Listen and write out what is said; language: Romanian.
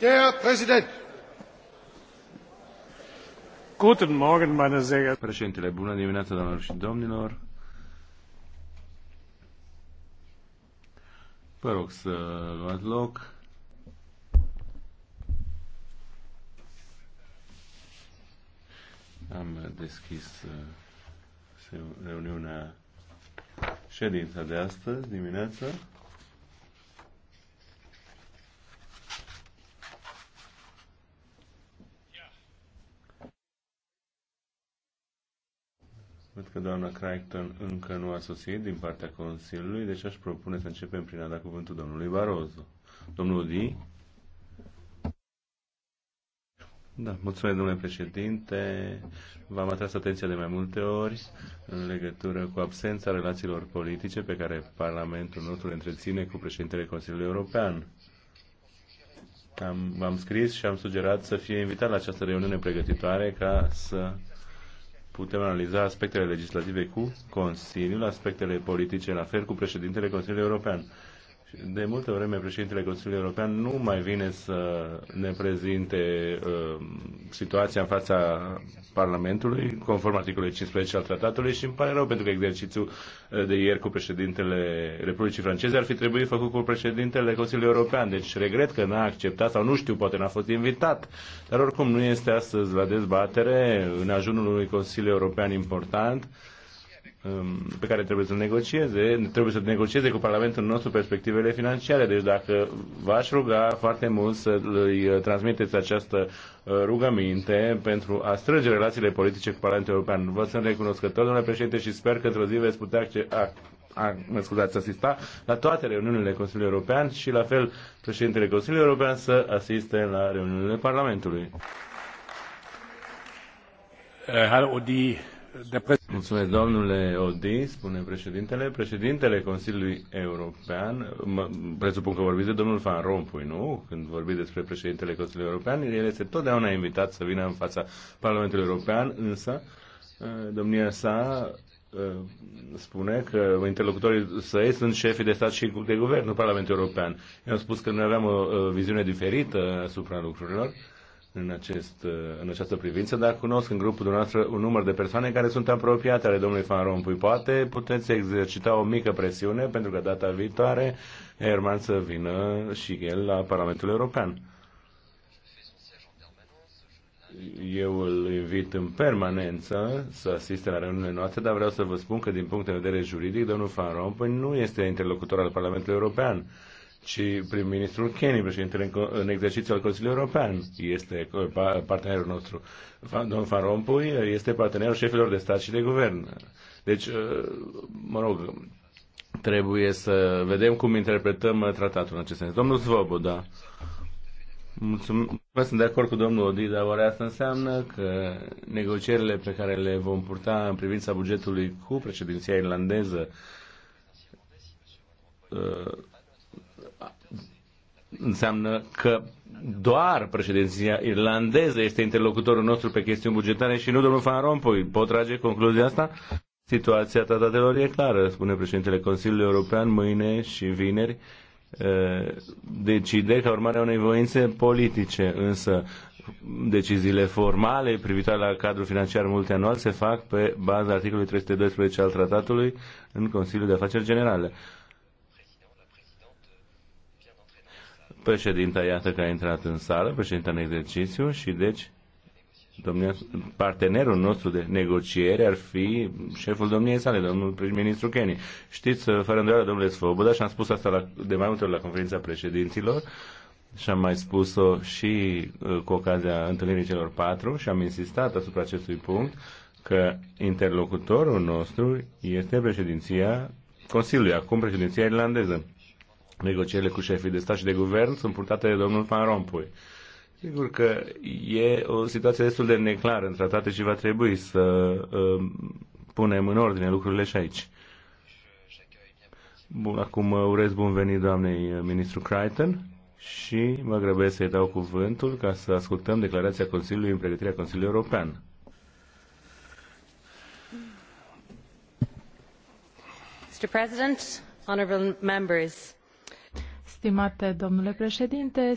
Der Präsident. Guten Morgen, meine sehr geehrten Președintele, bună dimineața, doamnelor și domnilor. Vă rog să luați loc. Am deschis uh, reuniunea ședința de astăzi dimineața. că doamna Crichton încă nu a sosit din partea Consiliului, deci aș propune să începem prin a da cuvântul domnului Barozo. Domnul Di? Da, mulțumesc, domnule președinte. V-am atras atenția de mai multe ori în legătură cu absența relațiilor politice pe care Parlamentul nostru le întreține cu președintele Consiliului European. Am, v-am scris și am sugerat să fie invitat la această reuniune pregătitoare ca să putem analiza aspectele legislative cu Consiliul, aspectele politice la fel cu președintele Consiliului European. De multă vreme președintele Consiliului European nu mai vine să ne prezinte uh, situația în fața Parlamentului, conform articolului 15 al tratatului și îmi pare rău pentru că exercițiul uh, de ieri cu președintele Republicii Franceze ar fi trebuit făcut cu președintele Consiliului European. Deci regret că n-a acceptat sau nu știu, poate n-a fost invitat. Dar oricum nu este astăzi la dezbatere în ajunul unui Consiliu European important Um, pe care trebuie să negocieze, trebuie să negocieze cu Parlamentul nostru perspectivele financiare. Deci dacă v-aș ruga foarte mult să îi transmiteți această uh, rugăminte pentru a strânge relațiile politice cu Parlamentul European. Vă sunt recunoscător, domnule președinte, și sper că într-o zi veți putea acce- a, a, mă scuzați, asista la toate reuniunile Consiliului European și la fel președintele Consiliului European să asiste la reuniunile Parlamentului. Uh, eh, hello, the, the Mulțumesc, domnule Odi, spune președintele. Președintele Consiliului European, mă, presupun că vorbiți de domnul Van Rompuy, nu? Când vorbiți despre președintele Consiliului European, el este totdeauna invitat să vină în fața Parlamentului European, însă eh, domnia sa eh, spune că interlocutorii săi sunt șefii de stat și de guvern, nu Parlamentul European. Eu am spus că noi aveam o viziune diferită asupra lucrurilor în, acest, uh, în această privință, dar cunosc în grupul dumneavoastră un număr de persoane care sunt apropiate ale domnului Van Rompuy. Poate puteți exercita o mică presiune pentru că data viitoare Herman să vină și el la Parlamentul European. Eu îl invit în permanență să asiste la reuniunile noastre, dar vreau să vă spun că din punct de vedere juridic, domnul Van Rompuy nu este interlocutor al Parlamentului European și prim-ministrul Kenny, președintele în exercițiu al Consiliului European, este partenerul nostru. Domnul Van Rompuy este partenerul șefilor de stat și de guvern. Deci, uh, mă rog, trebuie să vedem cum interpretăm uh, tratatul în acest sens. Domnul Svoboda, mulțumesc, sunt de acord cu domnul Odi, dar oare asta înseamnă că negocierile pe care le vom purta în privința bugetului cu președinția irlandeză uh, înseamnă că doar președinția irlandeză este interlocutorul nostru pe chestiuni bugetare și nu domnul Van Rompuy. Pot trage concluzia asta? Situația tratatelor e clară, spune președintele Consiliului European mâine și vineri decide ca urmare a unei voințe politice, însă deciziile formale privitoare la cadrul financiar multianual se fac pe baza articolului 312 al tratatului în Consiliul de Afaceri Generale. Președinta, iată că a intrat în sală, președinta în exercițiu și deci domnia, partenerul nostru de negociere ar fi șeful domniei sale, domnul prim-ministru Kenny. Știți, uh, fără îndoială, domnule Svoboda, și am spus asta la, de mai multe ori la conferința președinților, și am mai spus-o și uh, cu ocazia întâlnirii celor patru și am insistat asupra acestui punct că interlocutorul nostru este președinția Consiliului, acum președinția irlandeză. Negocierile cu șefii de stat și de guvern sunt purtate de domnul Van Rompuy. Sigur că e o situație destul de neclară în tratate și va trebui să uh, punem în ordine lucrurile și aici. Bun, acum uh, urez bun venit doamnei uh, ministru Crichton și mă grăbesc să-i dau cuvântul ca să ascultăm declarația Consiliului în pregătirea Consiliului European. Mr. President, honorable members, Stimate domnule președinte,